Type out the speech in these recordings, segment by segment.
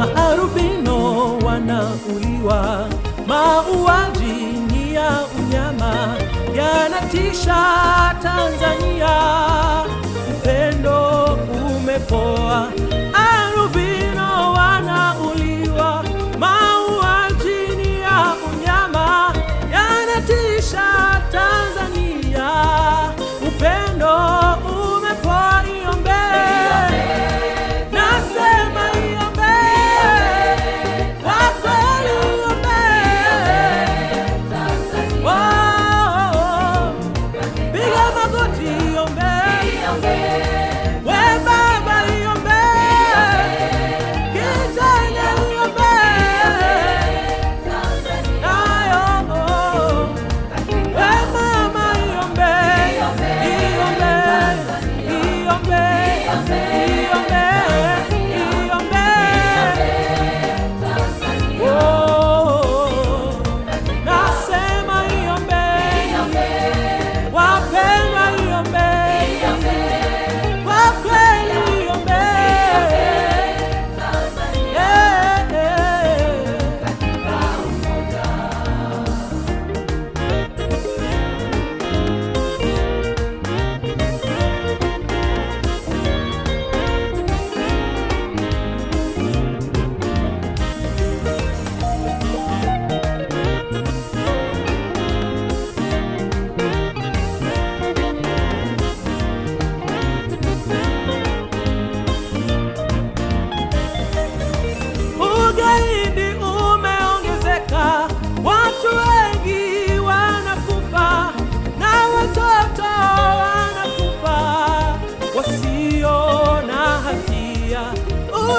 maharubino wanauliwa, mauaji ni ya unyama, yanatisha Tanzania.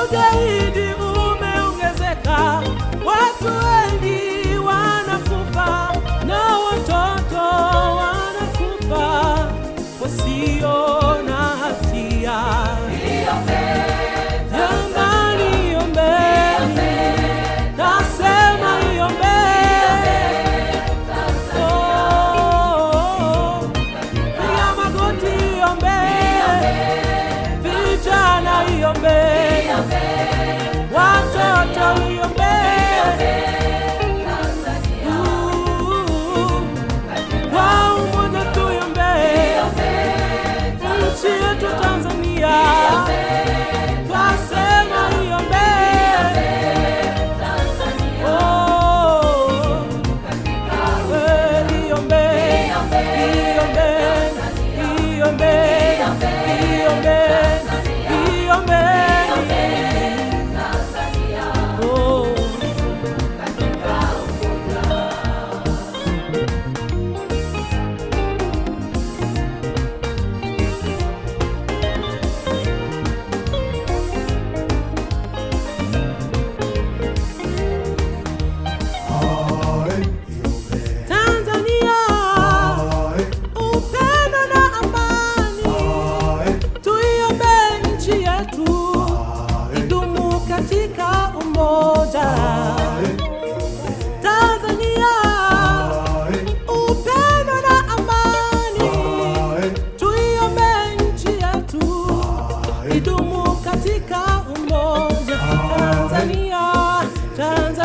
ugaidi umeongezeka, watu wengi wanakufa na watoto wanakufa wasio na hatia. nasema oh, magoti, vijana, minha vez.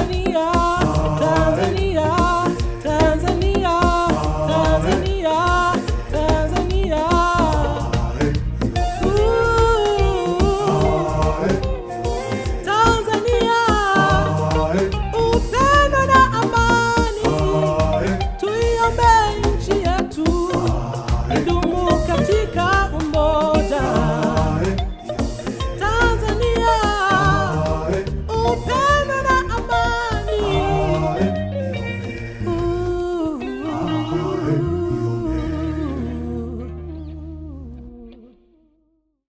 Maria.